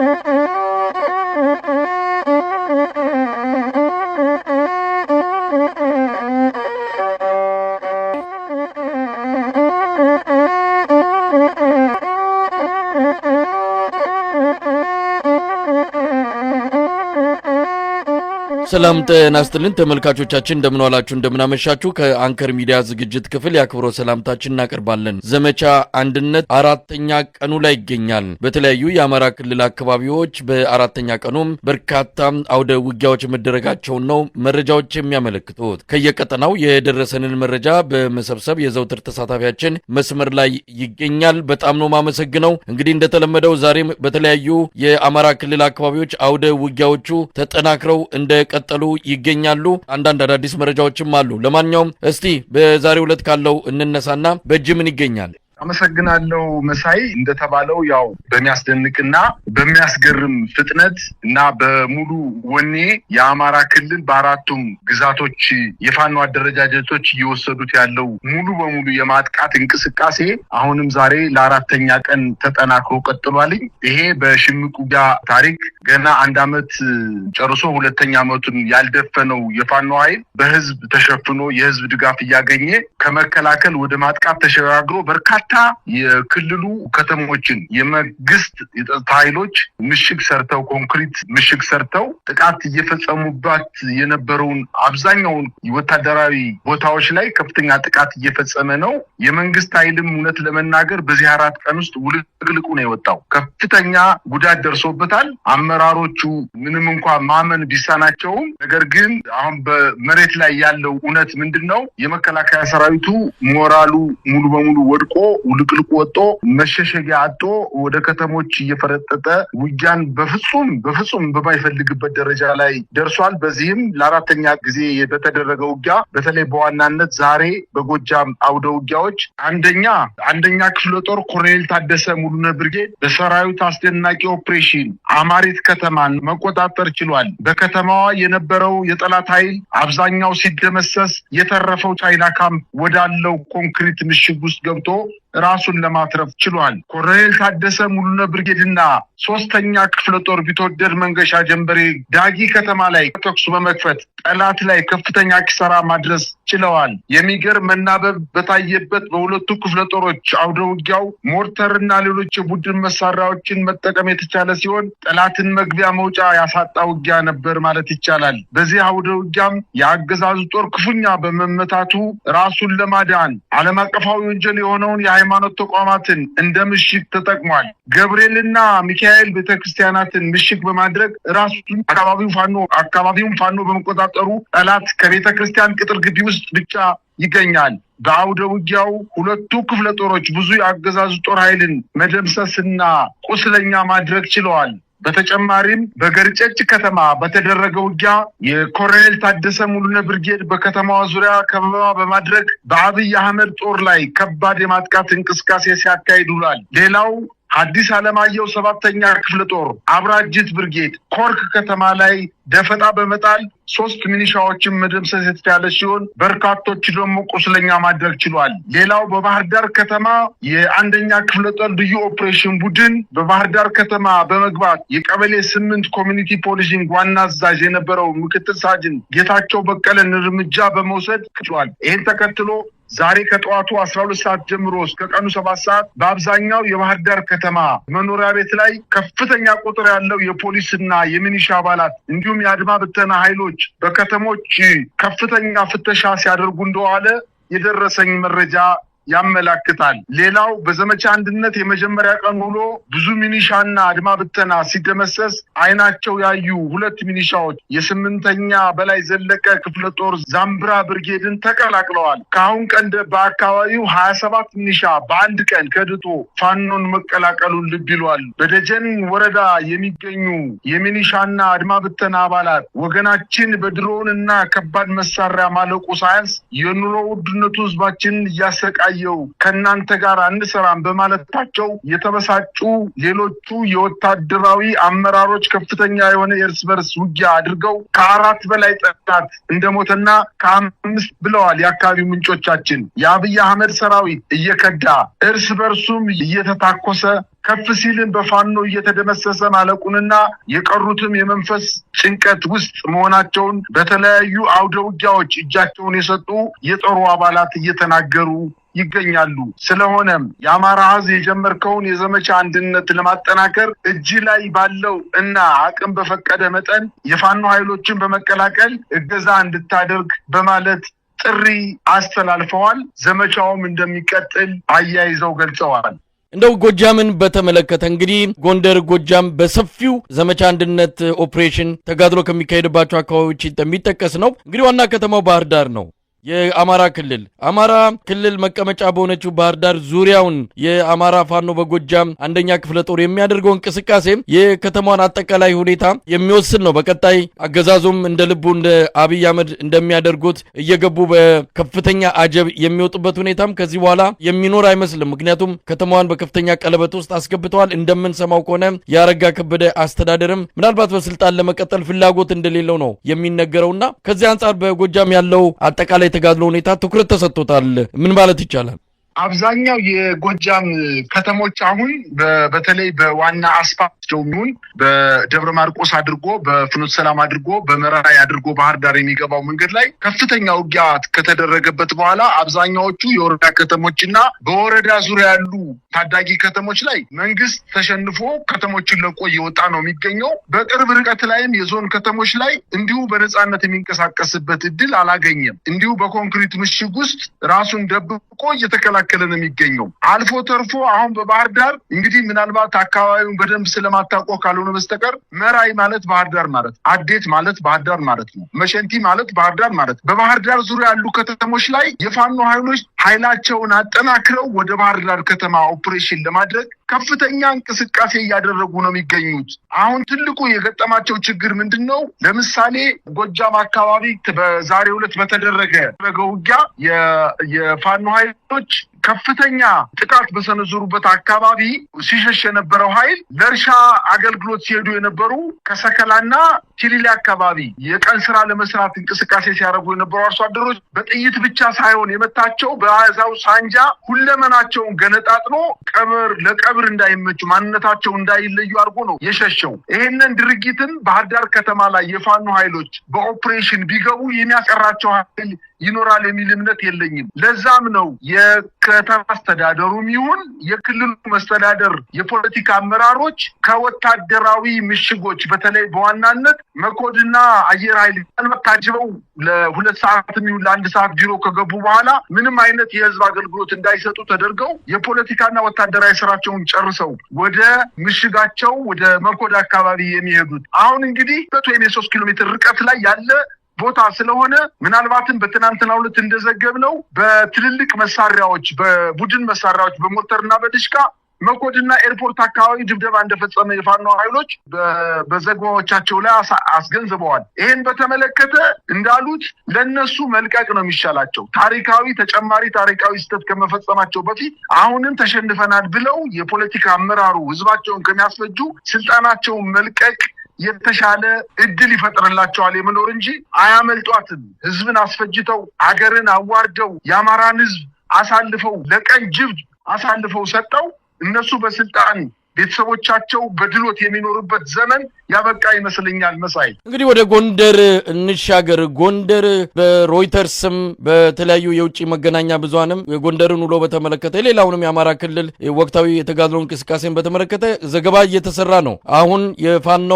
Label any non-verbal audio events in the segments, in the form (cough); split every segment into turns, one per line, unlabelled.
uh, (laughs) uh. ሰላም ጤና ይስጥልን ተመልካቾቻችን፣ እንደምንዋላችሁ እንደምናመሻችሁ። ከአንከር ሚዲያ ዝግጅት ክፍል የአክብሮ ሰላምታችን እናቀርባለን። ዘመቻ አንድነት አራተኛ ቀኑ ላይ ይገኛል። በተለያዩ የአማራ ክልል አካባቢዎች በአራተኛ ቀኑም በርካታ አውደ ውጊያዎች መደረጋቸውን ነው መረጃዎች የሚያመለክቱት። ከየቀጠናው የደረሰንን መረጃ በመሰብሰብ የዘውትር ተሳታፊያችን መስመር ላይ ይገኛል። በጣም ነው ማመሰግነው። እንግዲህ እንደተለመደው ዛሬም በተለያዩ የአማራ ክልል አካባቢዎች አውደ ውጊያዎቹ ተጠናክረው እንደ እንደቀጠሉ ይገኛሉ። አንዳንድ አዳዲስ መረጃዎችም አሉ። ለማንኛውም እስቲ በዛሬው ዕለት ካለው እንነሳና በእጅ ምን ይገኛል? አመሰግናለሁ መሳይ። እንደተባለው ያው በሚያስደንቅና በሚያስገርም ፍጥነት እና በሙሉ ወኔ የአማራ ክልል በአራቱም ግዛቶች የፋኖ አደረጃጀቶች እየወሰዱት ያለው ሙሉ በሙሉ የማጥቃት እንቅስቃሴ አሁንም ዛሬ ለአራተኛ ቀን ተጠናክሮ ቀጥሏልኝ። ይሄ በሽምቅ ውጊያ ታሪክ ገና አንድ ዓመት ጨርሶ ሁለተኛ ዓመቱን ያልደፈነው የፋኖ ኃይል በህዝብ ተሸፍኖ የህዝብ ድጋፍ እያገኘ ከመከላከል ወደ ማጥቃት ተሸጋግሮ በርካታ በርካታ የክልሉ ከተሞችን የመንግስት የጸጥታ ኃይሎች ምሽግ ሰርተው ኮንክሪት ምሽግ ሰርተው ጥቃት እየፈጸሙባት የነበረውን አብዛኛውን ወታደራዊ ቦታዎች ላይ ከፍተኛ ጥቃት እየፈጸመ ነው። የመንግስት ኃይልም እውነት ለመናገር በዚህ አራት ቀን ውስጥ ውልቅልቁ ነው የወጣው። ከፍተኛ ጉዳት ደርሶበታል። አመራሮቹ ምንም እንኳ ማመን ቢሳናቸውም፣ ነገር ግን አሁን በመሬት ላይ ያለው እውነት ምንድን ነው? የመከላከያ ሰራዊቱ ሞራሉ ሙሉ በሙሉ ወድቆ ውልቅልቅ ወጦ መሸሸጊያ አጦ ወደ ከተሞች እየፈረጠጠ ውጊያን በፍጹም በፍጹም በማይፈልግበት ደረጃ ላይ ደርሷል። በዚህም ለአራተኛ ጊዜ በተደረገ ውጊያ በተለይ በዋናነት ዛሬ በጎጃም አውደ ውጊያዎች አንደኛ አንደኛ ክፍለ ጦር ኮሎኔል ታደሰ ሙሉነ ብርጌድ በሰራዊት አስደናቂ ኦፕሬሽን አማሪት ከተማን መቆጣጠር ችሏል። በከተማዋ የነበረው የጠላት ኃይል አብዛኛው ሲደመሰስ የተረፈው ቻይና ካምፕ ወዳለው ኮንክሪት ምሽግ ውስጥ ገብቶ ራሱን ለማትረፍ ችሏል። ኮሎኔል ታደሰ ሙሉነ ብርጌድና ሶስተኛ ክፍለ ጦር ቢትወደድ መንገሻ ጀንበሬ ዳጊ ከተማ ላይ ተኩሱ በመክፈት ጠላት ላይ ከፍተኛ ኪሳራ ማድረስ ችለዋል። የሚገርም መናበብ በታየበት በሁለቱ ክፍለ ጦሮች አውደ ውጊያው ሞርተርና ሌሎች የቡድን መሳሪያዎችን መጠቀም የተቻለ ሲሆን ጠላትን መግቢያ መውጫ ያሳጣ ውጊያ ነበር ማለት ይቻላል። በዚህ አውደ ውጊያም የአገዛዙ ጦር ክፉኛ በመመታቱ ራሱን ለማዳን ዓለም አቀፋዊ ወንጀል የሆነውን የሃይማኖት ተቋማትን እንደ ምሽግ ተጠቅሟል። ገብርኤልና ሚካኤል ቤተክርስቲያናትን ምሽግ በማድረግ ራሱን አካባቢው ፋኖ አካባቢውን ፋኖ በመቆጣጠሩ ጠላት ከቤተ ክርስቲያን ቅጥር ግቢ ውስጥ ብቻ ይገኛል። በአውደ ውጊያው ሁለቱ ክፍለ ጦሮች ብዙ የአገዛዙ ጦር ኃይልን መደምሰስና ቁስለኛ ማድረግ ችለዋል። በተጨማሪም በገርጨጭ ከተማ በተደረገ ውጊያ የኮሎኔል ታደሰ ሙሉነ ብርጌድ በከተማዋ ዙሪያ ከበባ በማድረግ በአብይ አህመድ ጦር ላይ ከባድ የማጥቃት እንቅስቃሴ ሲያካሂድ ውሏል። ሌላው ሐዲስ ዓለማየሁ ሰባተኛ ክፍለ ጦር አብራጅት ብርጌድ ኮርክ ከተማ ላይ ደፈጣ በመጣል ሶስት ሚኒሻዎችን መደምሰስ የተቻለ ሲሆን በርካቶች ደግሞ ቁስለኛ ማድረግ ችሏል። ሌላው በባህር ዳር ከተማ የአንደኛ ክፍለ ጦር ልዩ ኦፕሬሽን ቡድን በባህር ዳር ከተማ በመግባት የቀበሌ ስምንት ኮሚኒቲ ፖሊሲንግ ዋና አዛዥ የነበረው ምክትል ሳጅን ጌታቸው በቀለን እርምጃ በመውሰድ ችሏል። ይህን ተከትሎ ዛሬ ከጠዋቱ አስራ ሁለት ሰዓት ጀምሮ እስከ ቀኑ ሰባት ሰዓት በአብዛኛው የባህር ዳር ከተማ መኖሪያ ቤት ላይ ከፍተኛ ቁጥር ያለው የፖሊስና የሚኒሻ አባላት እንዲሁም የአድማ ብተና ኃይሎች በከተሞች ከፍተኛ ፍተሻ ሲያደርጉ እንደዋለ የደረሰኝ መረጃ ያመላክታል። ሌላው በዘመቻ አንድነት የመጀመሪያ ቀን ውሎ ብዙ ሚኒሻና አድማ ብተና ሲደመሰስ አይናቸው ያዩ ሁለት ሚኒሻዎች የስምንተኛ በላይ ዘለቀ ክፍለ ጦር ዛምብራ ብርጌድን ተቀላቅለዋል። ከአሁን ቀን በአካባቢው ሀያ ሰባት ሚኒሻ በአንድ ቀን ከድቶ ፋኖን መቀላቀሉን ልብ ይሏል። በደጀን ወረዳ የሚገኙ የሚኒሻና አድማ ብተና አባላት ወገናችን በድሮን እና ከባድ መሳሪያ ማለቁ ሳያንስ የኑሮ ውድነቱ ህዝባችንን እያሰቃ የሚታየው ከእናንተ ጋር አንሰራም በማለታቸው የተበሳጩ ሌሎቹ የወታደራዊ አመራሮች ከፍተኛ የሆነ የእርስ በርስ ውጊያ አድርገው ከአራት በላይ ጠላት እንደሞተና ከአምስት ብለዋል የአካባቢው ምንጮቻችን። የአብይ አህመድ ሰራዊት እየከዳ እርስ በርሱም እየተታኮሰ ከፍ ሲልም በፋኖ እየተደመሰሰ ማለቁንና የቀሩትም የመንፈስ ጭንቀት ውስጥ መሆናቸውን በተለያዩ አውደ ውጊያዎች እጃቸውን የሰጡ የጦሩ አባላት እየተናገሩ ይገኛሉ። ስለሆነም የአማራ ህዝብ የጀመርከውን የዘመቻ አንድነት ለማጠናከር እጅ ላይ ባለው እና አቅም በፈቀደ መጠን የፋኖ ኃይሎችን በመቀላቀል እገዛ እንድታደርግ በማለት ጥሪ አስተላልፈዋል። ዘመቻውም እንደሚቀጥል አያይዘው ገልጸዋል። እንደው ጎጃምን በተመለከተ እንግዲህ ጎንደር፣ ጎጃም በሰፊው ዘመቻ አንድነት ኦፕሬሽን ተጋድሎ ከሚካሄድባቸው አካባቢዎች የሚጠቀስ ነው። እንግዲህ ዋና ከተማው ባህር ዳር ነው። የአማራ ክልል አማራ ክልል መቀመጫ በሆነችው ባህር ዳር ዙሪያውን የአማራ ፋኖ በጎጃም አንደኛ ክፍለ ጦር የሚያደርገው እንቅስቃሴ የከተማዋን አጠቃላይ ሁኔታ የሚወስን ነው። በቀጣይ አገዛዙም እንደ ልቡ እንደ አብይ አህመድ እንደሚያደርጉት እየገቡ በከፍተኛ አጀብ የሚወጡበት ሁኔታም ከዚህ በኋላ የሚኖር አይመስልም። ምክንያቱም ከተማዋን በከፍተኛ ቀለበት ውስጥ አስገብተዋል። እንደምንሰማው ከሆነ የአረጋ ከበደ አስተዳደርም ምናልባት በስልጣን ለመቀጠል ፍላጎት እንደሌለው ነው የሚነገረውና ከዚህ አንጻር በጎጃም ያለው አጠቃላይ የተጋድሎ ሁኔታ ትኩረት ተሰጥቶታል። ምን ማለት ይቻላል? አብዛኛው የጎጃም ከተሞች አሁን በተለይ በዋና አስፋልት ደሚሆን በደብረ ማርቆስ አድርጎ በፍኖት ሰላም አድርጎ በመራዊ አድርጎ ባህር ዳር የሚገባው መንገድ ላይ ከፍተኛ ውጊያ ከተደረገበት በኋላ አብዛኛዎቹ የወረዳ ከተሞች እና በወረዳ ዙሪያ ያሉ ታዳጊ ከተሞች ላይ መንግስት ተሸንፎ ከተሞችን ለቆ እየወጣ ነው የሚገኘው። በቅርብ ርቀት ላይም የዞን ከተሞች ላይ እንዲሁ በነፃነት የሚንቀሳቀስበት እድል አላገኘም። እንዲሁ በኮንክሪት ምሽግ ውስጥ ራሱን ደብቆ እየተከላ እየተስተካከለ ነው የሚገኘው። አልፎ ተርፎ አሁን በባህር ዳር እንግዲህ ምናልባት አካባቢውን በደንብ ስለማታውቀው ካልሆነ በስተቀር መራይ ማለት ባህር ዳር ማለት፣ አዴት ማለት ባህር ዳር ማለት ነው። መሸንቲ ማለት ባህር ዳር ማለት። በባህር ዳር ዙሪያ ያሉ ከተሞች ላይ የፋኖ ኃይሎች ኃይላቸውን አጠናክረው ወደ ባህር ዳር ከተማ ኦፕሬሽን ለማድረግ ከፍተኛ እንቅስቃሴ እያደረጉ ነው የሚገኙት። አሁን ትልቁ የገጠማቸው ችግር ምንድን ነው? ለምሳሌ ጎጃም አካባቢ በዛሬው ዕለት በተደረገ ውጊያ የፋኖ ኃይሎች ከፍተኛ ጥቃት በሰነዘሩበት አካባቢ ሲሸሽ የነበረው ኃይል ለእርሻ አገልግሎት ሲሄዱ የነበሩ ከሰከላና ቲሊሊ አካባቢ የቀን ስራ ለመስራት እንቅስቃሴ ሲያደርጉ የነበሩ አርሶ አደሮች በጥይት ብቻ ሳይሆን የመታቸው በአዛው ሳንጃ ሁለመናቸውን ገነጣጥሎ ቀብር ለቀብር እንዳይመቹ ማንነታቸው እንዳይለዩ አድርጎ ነው የሸሸው። ይህንን ድርጊትን ባህር ዳር ከተማ ላይ የፋኖ ኃይሎች በኦፕሬሽን ቢገቡ የሚያስቀራቸው ኃይል ይኖራል የሚል እምነት የለኝም። ለዛም ነው የከተማ አስተዳደሩም ይሁን የክልሉ መስተዳደር የፖለቲካ አመራሮች ከወታደራዊ ምሽጎች በተለይ በዋናነት መኮድና አየር ኃይል አልመታጅበው ለሁለት ሰዓት የሚሆን ለአንድ ሰዓት ቢሮ ከገቡ በኋላ ምንም አይነት የህዝብ አገልግሎት እንዳይሰጡ ተደርገው የፖለቲካና ወታደራዊ ስራቸውን ጨርሰው ወደ ምሽጋቸው ወደ መኮድ አካባቢ የሚሄዱት አሁን እንግዲህ ሁለት ወይም የሶስት ኪሎ ሜትር ርቀት ላይ ያለ ቦታ ስለሆነ ምናልባትም በትናንትና ሁለት ነው በትልልቅ መሳሪያዎች፣ በቡድን መሳሪያዎች፣ በሞተርና በድሽቃ መኮድና ኤርፖርት አካባቢ ድብደባ እንደፈጸመ የፋኖ ኃይሎች በዘግባዎቻቸው ላይ አስገንዝበዋል። ይህን በተመለከተ እንዳሉት ለእነሱ መልቀቅ ነው የሚሻላቸው። ታሪካዊ ተጨማሪ ታሪካዊ ስተት ከመፈጸማቸው በፊት አሁንም ተሸንፈናል ብለው የፖለቲካ አመራሩ ህዝባቸውን ከሚያስፈጁ ስልጣናቸውን መልቀቅ የተሻለ እድል ይፈጥርላቸዋል የምኖር እንጂ አያመልጧትም። ህዝብን አስፈጅተው አገርን አዋርደው የአማራን ህዝብ አሳልፈው ለቀን ጅብ አሳልፈው ሰጠው እነሱ በስልጣን ቤተሰቦቻቸው በድሎት የሚኖሩበት ዘመን ያበቃ ይመስለኛል። መሳይ እንግዲህ ወደ ጎንደር እንሻገር። ጎንደር በሮይተርስም በተለያዩ የውጭ መገናኛ ብዙሃንም የጎንደርን ውሎ በተመለከተ ሌላውንም የአማራ ክልል ወቅታዊ የተጋድሎ እንቅስቃሴን በተመለከተ ዘገባ እየተሰራ ነው። አሁን የፋኖ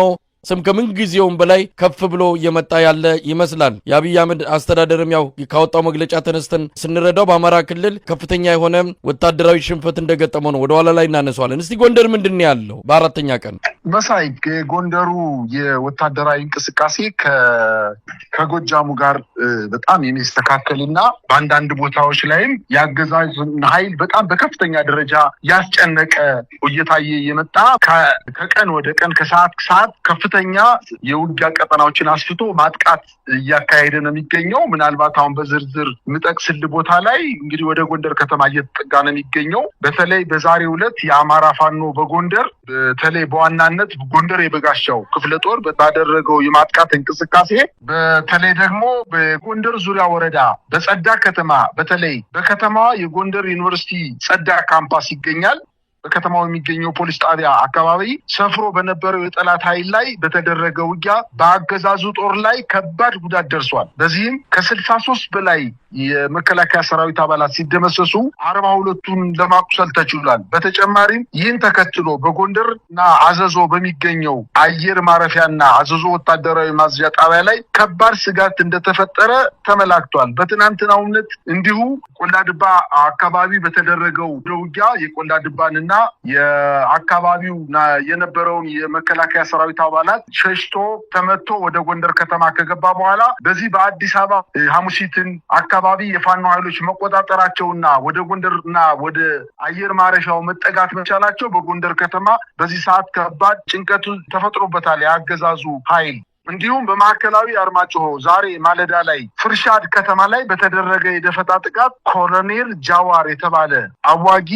ስም ከምንጊዜውም በላይ ከፍ ብሎ እየመጣ ያለ ይመስላል። የአብይ አህመድ አስተዳደርም ያው ካወጣው መግለጫ ተነስተን ስንረዳው በአማራ ክልል ከፍተኛ የሆነ ወታደራዊ ሽንፈት እንደገጠመው ነው። ወደኋላ ላይ እናነሷለን። እስቲ ጎንደር ምንድን ያለው በአራተኛ ቀን መሳይ የጎንደሩ የወታደራዊ እንቅስቃሴ ከጎጃሙ ጋር በጣም የሚስተካከል በአንዳንድ ቦታዎች ላይም የአገዛዙን ኃይል በጣም በከፍተኛ ደረጃ ያስጨነቀ እየታየ የመጣ ከቀን ወደ ቀን ከሰዓት ሰዓት ከፍተኛ የውጊያ ቀጠናዎችን አስፍቶ ማጥቃት እያካሄደ ነው የሚገኘው። ምናልባት አሁን በዝርዝር ምጠቅስል ቦታ ላይ እንግዲህ ወደ ጎንደር ከተማ እየተጠጋ ነው የሚገኘው። በተለይ በዛሬው ዕለት የአማራ ፋኖ በጎንደር በተለይ በዋና በዋናነት ጎንደር የበጋሻው ክፍለ ጦር ባደረገው የማጥቃት እንቅስቃሴ በተለይ ደግሞ በጎንደር ዙሪያ ወረዳ በጸዳ ከተማ በተለይ በከተማዋ የጎንደር ዩኒቨርሲቲ ጸዳ ካምፓስ ይገኛል። በከተማው የሚገኘው ፖሊስ ጣቢያ አካባቢ ሰፍሮ በነበረው የጠላት ኃይል ላይ በተደረገ ውጊያ በአገዛዙ ጦር ላይ ከባድ ጉዳት ደርሷል። በዚህም ከስልሳ ሶስት በላይ የመከላከያ ሰራዊት አባላት ሲደመሰሱ አርባ ሁለቱን ለማቁሰል ተችሏል። በተጨማሪም ይህን ተከትሎ በጎንደር እና አዘዞ በሚገኘው አየር ማረፊያና አዘዞ ወታደራዊ ማዝዣ ጣቢያ ላይ ከባድ ስጋት እንደተፈጠረ ተመላክቷል። በትናንትናው እምነት እንዲሁ ቆላድባ አካባቢ በተደረገው ውጊያ የቆላድባንና እና የአካባቢው የነበረውን የመከላከያ ሰራዊት አባላት ሸሽቶ ተመቶ ወደ ጎንደር ከተማ ከገባ በኋላ በዚህ በአዲስ አበባ ሐሙሲትን አካባቢ የፋኖ ኃይሎች መቆጣጠራቸውና ወደ ጎንደር እና ወደ አየር ማረሻው መጠጋት መቻላቸው በጎንደር ከተማ በዚህ ሰዓት ከባድ ጭንቀቱ ተፈጥሮበታል የአገዛዙ ኃይል። እንዲሁም በማዕከላዊ አርማጭሆ ዛሬ ማለዳ ላይ ፍርሻድ ከተማ ላይ በተደረገ የደፈጣ ጥቃት ኮሎኔል ጃዋር የተባለ አዋጊ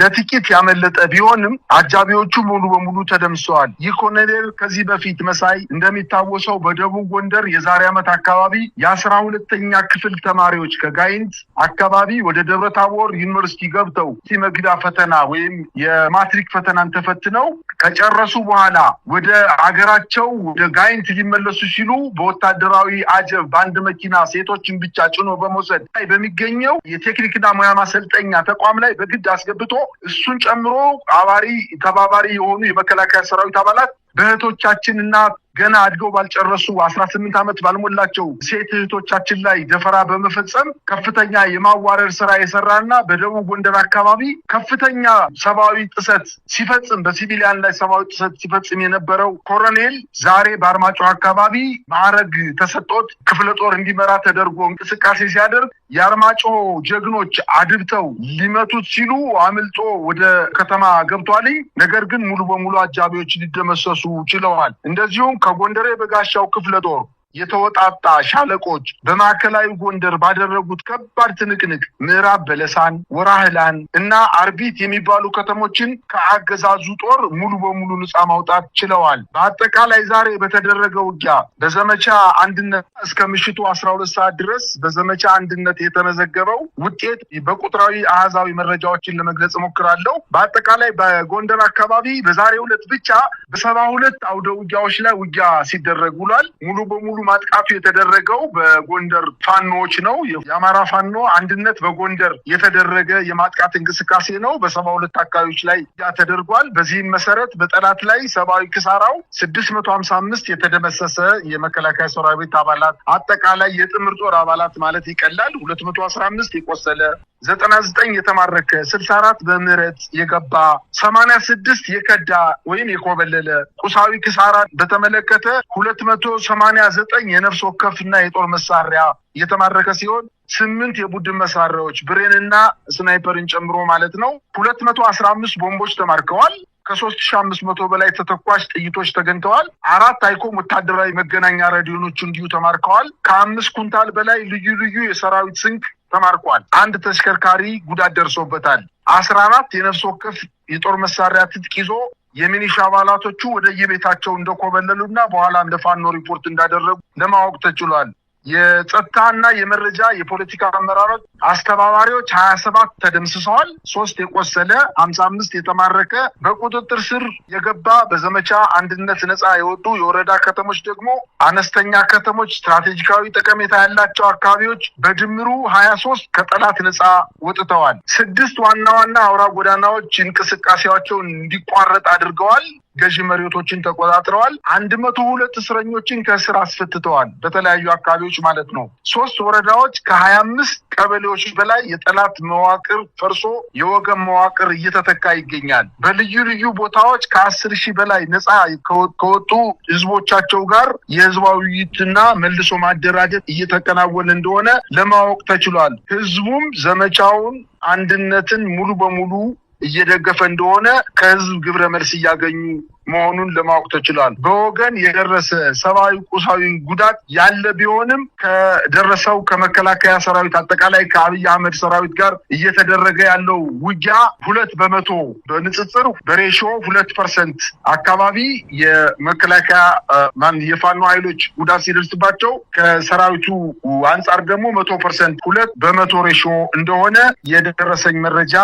ለጥቂት ያመለጠ ቢሆንም አጃቢዎቹ ሙሉ በሙሉ ተደምሰዋል። ይህ ኮሎኔል ከዚህ በፊት መሳይ እንደሚታወሰው በደቡብ ጎንደር የዛሬ ዓመት አካባቢ የአስራ ሁለተኛ ክፍል ተማሪዎች ከጋይንት አካባቢ ወደ ደብረ ታቦር ዩኒቨርሲቲ ገብተው መግዳ ፈተና ወይም የማትሪክ ፈተናን ተፈትነው ከጨረሱ በኋላ ወደ አገራቸው ወደ ጋይንት ሊመለሱ ሲሉ በወታደራዊ አጀብ በአንድ መኪና ሴቶችን ብቻ ጭኖ በመውሰድ ላይ በሚገኘው የቴክኒክና ሙያ ማሰልጠኛ ተቋም ላይ በግድ አስገብቶ እሱን ጨምሮ አባሪ ተባባሪ የሆኑ የመከላከያ ሰራዊት አባላት በእህቶቻችንና ገና አድገው ባልጨረሱ አስራ ስምንት ዓመት ባልሞላቸው ሴት እህቶቻችን ላይ ደፈራ በመፈጸም ከፍተኛ የማዋረድ ስራ የሰራና በደቡብ ጎንደር አካባቢ ከፍተኛ ሰብአዊ ጥሰት ሲፈጽም በሲቪሊያን ላይ ሰብአዊ ጥሰት ሲፈጽም የነበረው ኮሎኔል ዛሬ በአርማጮ አካባቢ ማዕረግ ተሰጦት ክፍለ ጦር እንዲመራ ተደርጎ እንቅስቃሴ ሲያደርግ የአርማጮ ጀግኖች አድብተው ሊመቱት ሲሉ አምልጦ ወደ ከተማ ገብቷልኝ። ነገር ግን ሙሉ በሙሉ አጃቢዎች ሊደመሰሱ ችለዋል። እንደዚሁም ከጎንደሬ በጋሻው ክፍለ ጦር የተወጣጣ ሻለቆች በማዕከላዊ ጎንደር ባደረጉት ከባድ ትንቅንቅ ምዕራብ በለሳን፣ ወራህላን እና አርቢት የሚባሉ ከተሞችን ከአገዛዙ ጦር ሙሉ በሙሉ ነፃ ማውጣት ችለዋል። በአጠቃላይ ዛሬ በተደረገው ውጊያ በዘመቻ አንድነት እስከ ምሽቱ አስራ ሁለት ሰዓት ድረስ በዘመቻ አንድነት የተመዘገበው ውጤት በቁጥራዊ አህዛዊ መረጃዎችን ለመግለጽ እሞክራለሁ። በአጠቃላይ በጎንደር አካባቢ በዛሬ ሁለት ብቻ በሰባ ሁለት አውደ ውጊያዎች ላይ ውጊያ ሲደረግ ውሏል። ሙሉ በሙሉ ማጥቃቱ የተደረገው በጎንደር ፋኖዎች ነው። የአማራ ፋኖ አንድነት በጎንደር የተደረገ የማጥቃት እንቅስቃሴ ነው። በሰባ ሁለት አካባቢዎች ላይ ተደርጓል። በዚህም መሰረት በጠላት ላይ ሰብአዊ ክሳራው ስድስት መቶ ሀምሳ አምስት የተደመሰሰ የመከላከያ ሰራዊት አባላት አጠቃላይ የጥምር ጦር አባላት ማለት ይቀላል። ሁለት መቶ አስራ አምስት የቆሰለ ዘጠና ዘጠኝ የተማረከ ስልሳ አራት በምህረት የገባ ሰማንያ ስድስት የከዳ ወይም የኮበለለ ቁሳዊ ክሳራ በተመለከተ ሁለት መቶ ሰማንያ ዘጠኝ ዘጠኝ የነፍስ ወከፍና የጦር መሳሪያ እየተማረከ ሲሆን ስምንት የቡድን መሳሪያዎች ብሬንና ስናይፐርን ጨምሮ ማለት ነው ሁለት መቶ አስራ አምስት ቦምቦች ተማርከዋል። ከሶስት ሺ አምስት መቶ በላይ ተተኳሽ ጥይቶች ተገኝተዋል። አራት አይኮም ወታደራዊ መገናኛ ሬዲዮኖች እንዲሁ ተማርከዋል። ከአምስት ኩንታል በላይ ልዩ ልዩ የሰራዊት ስንክ ተማርኳል። አንድ ተሽከርካሪ ጉዳት ደርሶበታል። አስራ አራት የነፍስ ወከፍ የጦር መሳሪያ ትጥቅ ይዞ የሚኒሻ አባላቶቹ ወደ የቤታቸው እንደኮበለሉና በኋላ እንደ ፋኖ ሪፖርት እንዳደረጉ ለማወቅ ተችሏል። የጸጥታና የመረጃ የፖለቲካ አመራሮች አስተባባሪዎች ሀያ ሰባት ተደምስሰዋል። ሶስት የቆሰለ ሀምሳ አምስት የተማረከ በቁጥጥር ስር የገባ በዘመቻ አንድነት ነጻ የወጡ የወረዳ ከተሞች ደግሞ አነስተኛ ከተሞች ስትራቴጂካዊ ጠቀሜታ ያላቸው አካባቢዎች በድምሩ ሀያ ሶስት ከጠላት ነጻ ወጥተዋል። ስድስት ዋና ዋና አውራ ጎዳናዎች እንቅስቃሴያቸውን እንዲቋረጥ አድርገዋል። ገዢ መሬቶችን ተቆጣጥረዋል። አንድ መቶ ሁለት እስረኞችን ከእስር አስፈትተዋል። በተለያዩ አካባቢዎች ማለት ነው። ሶስት ወረዳዎች ከሀያ አምስት ቀበሌዎች በላይ የጠላት መዋቅር ፈርሶ የወገን መዋቅር እየተተካ ይገኛል። በልዩ ልዩ ቦታዎች ከአስር ሺህ በላይ ነፃ ከወጡ ህዝቦቻቸው ጋር የህዝባዊ ውይይትና መልሶ ማደራጀት እየተከናወነ እንደሆነ ለማወቅ ተችሏል። ህዝቡም ዘመቻውን አንድነትን ሙሉ በሙሉ እየደገፈ እንደሆነ ከህዝብ ግብረ መልስ እያገኙ መሆኑን ለማወቅ ተችሏል። በወገን የደረሰ ሰብአዊ፣ ቁሳዊ ጉዳት ያለ ቢሆንም ከደረሰው ከመከላከያ ሰራዊት አጠቃላይ ከአብይ አህመድ ሰራዊት ጋር እየተደረገ ያለው ውጊያ ሁለት በመቶ በንጽጽር በሬሾ ሁለት ፐርሰንት አካባቢ የመከላከያ የፋኖ ኃይሎች ጉዳት ሲደርስባቸው ከሰራዊቱ አንጻር ደግሞ መቶ ፐርሰንት ሁለት በመቶ ሬሾ እንደሆነ የደረሰኝ መረጃ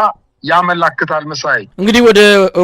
ያመላክታል። መሳይ እንግዲህ ወደ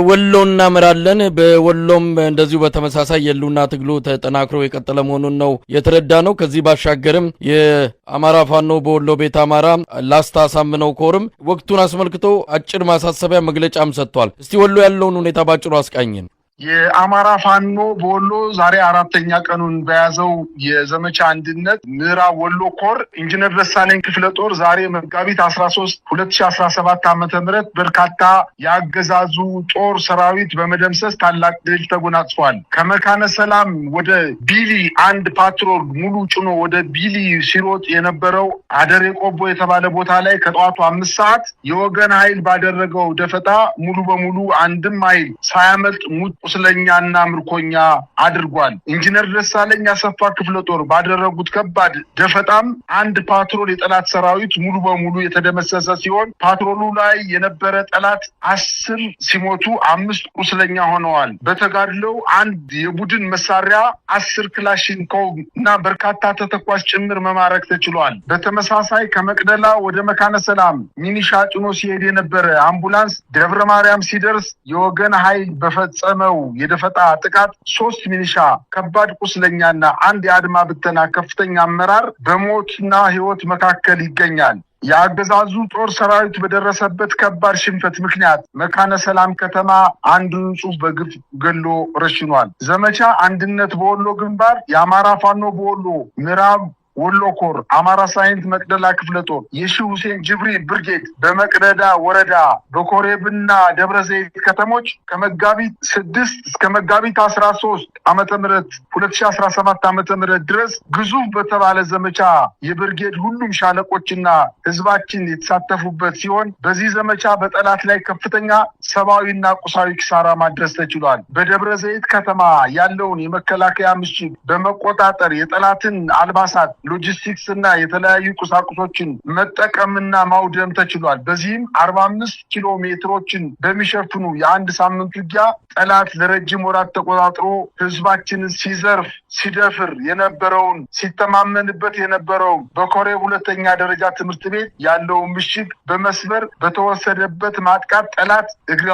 ወሎ እናምራለን። በወሎም እንደዚሁ በተመሳሳይ የሉና ትግሉ ተጠናክሮ የቀጠለ መሆኑን ነው የተረዳ ነው። ከዚህ ባሻገርም የአማራ ፋኖ በወሎ ቤት አማራ ላስታ አሳምነው ኮርም ወቅቱን አስመልክቶ አጭር ማሳሰቢያ መግለጫም ሰጥቷል። እስቲ ወሎ ያለውን ሁኔታ ባጭሩ አስቃኝን። የአማራ ፋኖ በወሎ ዛሬ አራተኛ ቀኑን በያዘው የዘመቻ አንድነት ምዕራብ ወሎ ኮር ኢንጂነር ደሳለኝ ክፍለ ጦር ዛሬ መጋቢት አስራ ሶስት ሁለት ሺ አስራ ሰባት ዓመተ ምህረት በርካታ የአገዛዙ ጦር ሰራዊት በመደምሰስ ታላቅ ድል ተጎናጽፏል። ከመካነ ሰላም ወደ ቢሊ አንድ ፓትሮል ሙሉ ጭኖ ወደ ቢሊ ሲሮጥ የነበረው አደሬ ቆቦ የተባለ ቦታ ላይ ከጠዋቱ አምስት ሰዓት የወገን ኃይል ባደረገው ደፈጣ ሙሉ በሙሉ አንድም ኃይል ሳያመልጥ ሙት ቁስለኛና ምርኮኛ አድርጓል። ኢንጂነር ደሳለኝ አሰፋ ክፍለ ጦር ባደረጉት ከባድ ደፈጣም አንድ ፓትሮል የጠላት ሰራዊት ሙሉ በሙሉ የተደመሰሰ ሲሆን ፓትሮሉ ላይ የነበረ ጠላት አስር ሲሞቱ አምስት ቁስለኛ ሆነዋል። በተጋድለው አንድ የቡድን መሳሪያ አስር ክላሽንኮቭ እና በርካታ ተተኳሽ ጭምር መማረክ ተችሏል። በተመሳሳይ ከመቅደላ ወደ መካነ ሰላም ሚኒሻ ጭኖ ሲሄድ የነበረ አምቡላንስ ደብረ ማርያም ሲደርስ የወገን ኃይል በፈጸመው በተፈጸመው የደፈጣ ጥቃት ሶስት ሚሊሻ ከባድ ቁስለኛና አንድ የአድማ ብተና ከፍተኛ አመራር በሞትና ሕይወት መካከል ይገኛል። የአገዛዙ ጦር ሰራዊት በደረሰበት ከባድ ሽንፈት ምክንያት መካነ ሰላም ከተማ አንድ ንጹህ በግፍ ገሎ ረሽኗል። ዘመቻ አንድነት በወሎ ግንባር የአማራ ፋኖ በወሎ ምዕራብ ወሎ ኮር፣ አማራ ሳይንት መቅደላ ክፍለ ጦር፣ የሺ ሁሴን ጅብሪ ብርጌድ በመቅደዳ ወረዳ በኮሬብና ደብረ ዘይት ከተሞች ከመጋቢት ስድስት እስከ መጋቢት አስራ ሶስት ዓመተ ምህረት ሁለት ሺ አስራ ሰባት ዓመተ ምህረት ድረስ ግዙፍ በተባለ ዘመቻ የብርጌድ ሁሉም ሻለቆችና ህዝባችን የተሳተፉበት ሲሆን በዚህ ዘመቻ በጠላት ላይ ከፍተኛ ሰብአዊና ቁሳዊ ኪሳራ ማድረስ ተችሏል። በደብረ ዘይት ከተማ ያለውን የመከላከያ ምሽግ በመቆጣጠር የጠላትን አልባሳት ሎጂስቲክስ እና የተለያዩ ቁሳቁሶችን መጠቀምና ማውደም ተችሏል። በዚህም አርባ አምስት ኪሎ ሜትሮችን በሚሸፍኑ የአንድ ሳምንት ውጊያ ጠላት ለረጅም ወራት ተቆጣጥሮ ህዝባችንን ሲዘርፍ ሲደፍር የነበረውን ሲተማመንበት የነበረውን በኮሬ ሁለተኛ ደረጃ ትምህርት ቤት ያለውን ምሽግ በመስበር በተወሰደበት ማጥቃት ጠላት እግሬ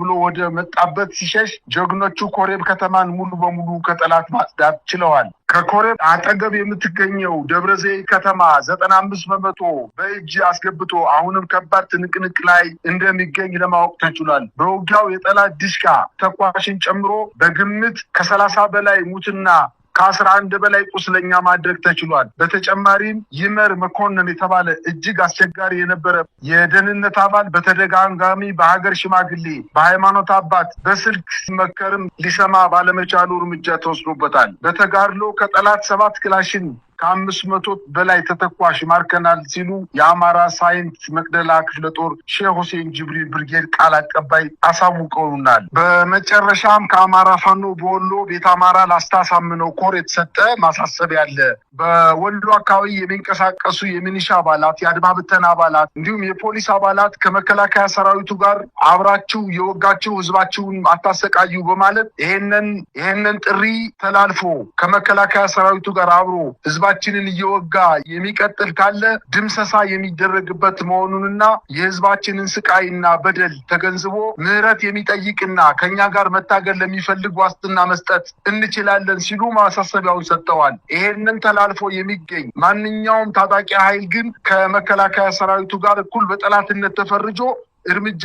ብሎ ወደ መጣበት ሲሸሽ ጀግኖቹ ኮሬብ ከተማን ሙሉ በሙሉ ከጠላት ማጽዳት ችለዋል። ከኮሬ አጠገብ የምትገኘው ደብረዘይ ከተማ ዘጠና አምስት በመቶ በእጅ አስገብቶ አሁንም ከባድ ትንቅንቅ ላይ እንደሚገኝ ለማወቅ ተችሏል። በውጊያው የጠላት ዲሽቃ ተኳሽን ጨምሮ በግምት ከሰላሳ በላይ ሙትና ከአስራ አንድ በላይ ቁስለኛ ማድረግ ተችሏል። በተጨማሪም ይመር መኮንን የተባለ እጅግ አስቸጋሪ የነበረ የደህንነት አባል በተደጋጋሚ በሀገር ሽማግሌ፣ በሃይማኖት አባት በስልክ ሲመከርም ሊሰማ ባለመቻሉ እርምጃ ተወስዶበታል። በተጋድሎ ከጠላት ሰባት ክላሽን ከአምስት መቶ በላይ ተተኳሽ ማርከናል ሲሉ የአማራ ሳይንት መቅደላ ክፍለ ጦር ሼህ ሁሴን ጅብሪል ብርጌድ ቃል አቀባይ አሳውቀውናል። በመጨረሻም ከአማራ ፋኖ በወሎ ቤት አማራ ላስታሳምነው ኮር የተሰጠ ማሳሰቢያ አለ። በወሎ አካባቢ የሚንቀሳቀሱ የሚኒሻ አባላት፣ የአድማ ብተና አባላት እንዲሁም የፖሊስ አባላት ከመከላከያ ሰራዊቱ ጋር አብራችሁ የወጋችሁ ህዝባችሁን አታሰቃዩ በማለት ይህንን ይህንን ጥሪ ተላልፎ ከመከላከያ ሰራዊቱ ጋር አብሮ ህዝባ ህዝባችንን እየወጋ የሚቀጥል ካለ ድምሰሳ የሚደረግበት መሆኑንና የህዝባችንን ስቃይና በደል ተገንዝቦ ምህረት የሚጠይቅና ከኛ ጋር መታገል ለሚፈልግ ዋስትና መስጠት እንችላለን ሲሉ ማሳሰቢያውን ሰጥተዋል። ይሄንን ተላልፎ የሚገኝ ማንኛውም ታጣቂ ኃይል ግን ከመከላከያ ሰራዊቱ ጋር እኩል በጠላትነት ተፈርጆ እርምጃ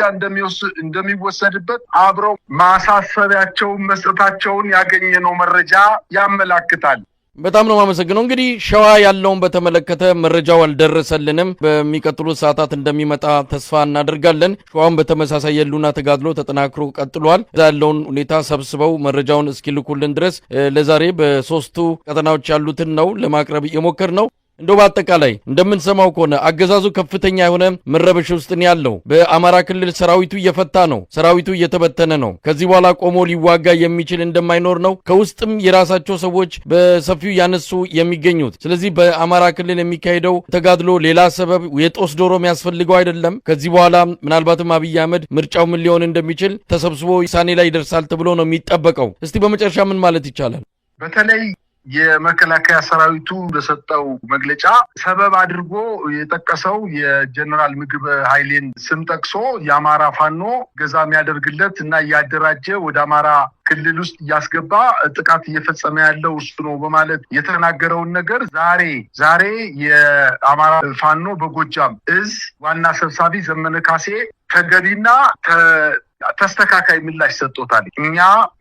እንደሚወሰድበት አብረው ማሳሰቢያቸውን መስጠታቸውን ያገኘነው መረጃ ያመላክታል። በጣም ነው የማመሰግነው። እንግዲህ ሸዋ ያለውን በተመለከተ መረጃው አልደረሰልንም። በሚቀጥሉት ሰዓታት እንደሚመጣ ተስፋ እናደርጋለን። ሸዋውን በተመሳሳይ የሉና ተጋድሎ ተጠናክሮ ቀጥሏል። ያለውን ሁኔታ ሰብስበው መረጃውን እስኪልኩልን ድረስ ለዛሬ በሶስቱ ቀጠናዎች ያሉትን ነው ለማቅረብ የሞከር ነው። እንደው በአጠቃላይ እንደምንሰማው ከሆነ አገዛዙ ከፍተኛ የሆነ መረበሽ ውስጥ ያለው። በአማራ ክልል ሰራዊቱ እየፈታ ነው፣ ሰራዊቱ እየተበተነ ነው። ከዚህ በኋላ ቆሞ ሊዋጋ የሚችል እንደማይኖር ነው ከውስጥም የራሳቸው ሰዎች በሰፊው ያነሱ የሚገኙት። ስለዚህ በአማራ ክልል የሚካሄደው ተጋድሎ ሌላ ሰበብ የጦስ ዶሮ የሚያስፈልገው አይደለም። ከዚህ በኋላ ምናልባትም አብይ አህመድ ምርጫው ምን ሊሆን እንደሚችል ተሰብስቦ ውሳኔ ላይ ይደርሳል ተብሎ ነው የሚጠበቀው። እስቲ በመጨረሻ ምን ማለት ይቻላል? በተለይ የመከላከያ ሰራዊቱ በሰጠው መግለጫ ሰበብ አድርጎ የጠቀሰው የጀነራል ምግብ ኃይሌን ስም ጠቅሶ የአማራ ፋኖ ገዛ የሚያደርግለት እና እያደራጀ ወደ አማራ ክልል ውስጥ እያስገባ ጥቃት እየፈጸመ ያለው እሱ ነው በማለት የተናገረውን ነገር ዛሬ ዛሬ የአማራ ፋኖ በጎጃም እዝ ዋና ሰብሳቢ ዘመነ ካሴ ተገቢና ተስተካካይ ምላሽ ሰጥቶታል። እኛ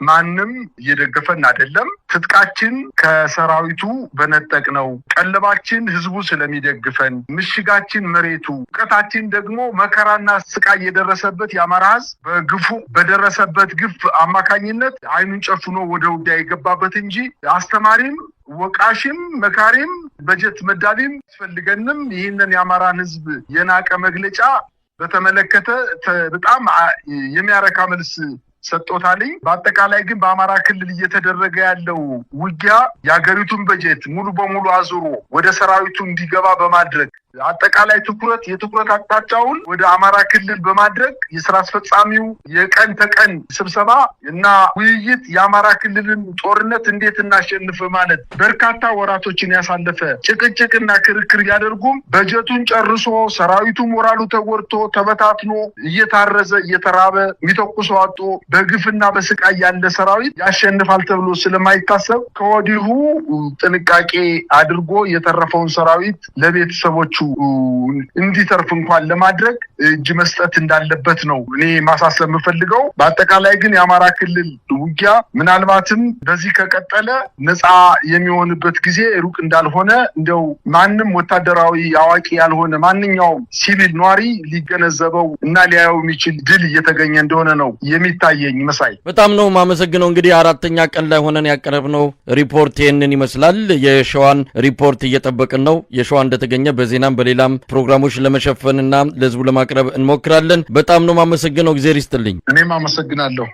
ማንም እየደገፈን አይደለም። ትጥቃችን ከሰራዊቱ በነጠቅ ነው። ቀለባችን ህዝቡ ስለሚደግፈን፣ ምሽጋችን መሬቱ፣ እውቀታችን ደግሞ መከራና ስቃይ የደረሰበት የአማራ ህዝብ በግፉ በደረሰበት ግፍ አማካኝነት አይኑን ጨፍኖ ወደ ውጊያ የገባበት እንጂ አስተማሪም ወቃሽም መካሪም በጀት መዳቢም አስፈልገንም። ይህንን የአማራን ህዝብ የናቀ መግለጫ በተመለከተ በጣም የሚያረካ መልስ ሰጥቶታልኝ። በአጠቃላይ ግን በአማራ ክልል እየተደረገ ያለው ውጊያ የሀገሪቱን በጀት ሙሉ በሙሉ አዙሮ ወደ ሰራዊቱ እንዲገባ በማድረግ አጠቃላይ ትኩረት የትኩረት አቅጣጫውን ወደ አማራ ክልል በማድረግ የስራ አስፈጻሚው የቀን ተቀን ስብሰባ እና ውይይት የአማራ ክልልን ጦርነት እንዴት እናሸንፍ ማለት በርካታ ወራቶችን ያሳለፈ ጭቅጭቅና ክርክር ቢያደርጉም በጀቱን ጨርሶ ሰራዊቱ ሞራሉ ተጎድቶ ተበታትኖ እየታረዘ እየተራበ የሚተኩሶ አጦ በግፍና በስቃይ ያለ ሰራዊት ያሸንፋል ተብሎ ስለማይታሰብ ከወዲሁ ጥንቃቄ አድርጎ የተረፈውን ሰራዊት ለቤተሰቦች እንዲተርፍ እንኳን ለማድረግ እጅ መስጠት እንዳለበት ነው እኔ ማሳሰብ የምፈልገው። በአጠቃላይ ግን የአማራ ክልል ውጊያ ምናልባትም በዚህ ከቀጠለ ነፃ የሚሆንበት ጊዜ ሩቅ እንዳልሆነ እንደው ማንም ወታደራዊ አዋቂ ያልሆነ ማንኛውም ሲቪል ነዋሪ ሊገነዘበው እና ሊያየው የሚችል ድል እየተገኘ እንደሆነ ነው የሚታየኝ። መሳይ በጣም ነው ማመሰግነው። እንግዲህ አራተኛ ቀን ላይ ሆነን ያቀረብነው ሪፖርት ይህንን ይመስላል። የሸዋን ሪፖርት እየጠበቅን ነው። የሸዋ እንደተገኘ በዜና በሌላም በሌላም ፕሮግራሞች ለመሸፈንና ለህዝቡ ለማቅረብ እንሞክራለን። በጣም ነው ማመሰግነው። እግዜር ይስጥልኝ። እኔም አመሰግናለሁ።